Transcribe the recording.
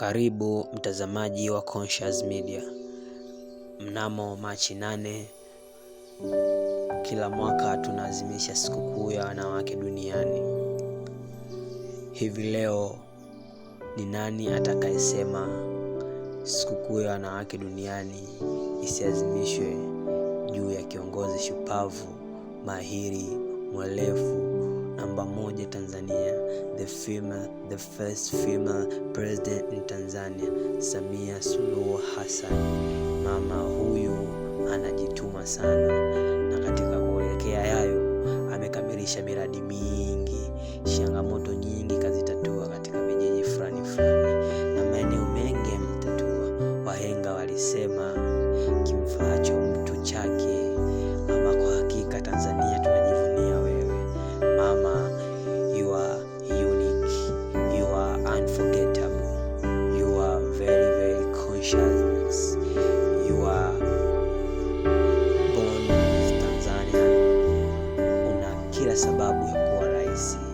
Karibu mtazamaji wa Conscious Media. Mnamo Machi nane kila mwaka tunaazimisha sikukuu ya wanawake duniani. Hivi leo ni nani atakayesema sikukuu ya wanawake duniani isiazimishwe juu ya kiongozi shupavu, mahiri, mwelefu namba moja Tanzania female, the first female president in Tanzania, Samia Suluhu Hassan. Mama huyu anajituma sana, na katika kuelekea yayo amekamilisha miradi mingi, changamoto nyingi kazitatua katika vijiji fulani fulani na maeneo mengi yametatua. Wahenga walisema kimfaacho kila sababu ya kuwa rais.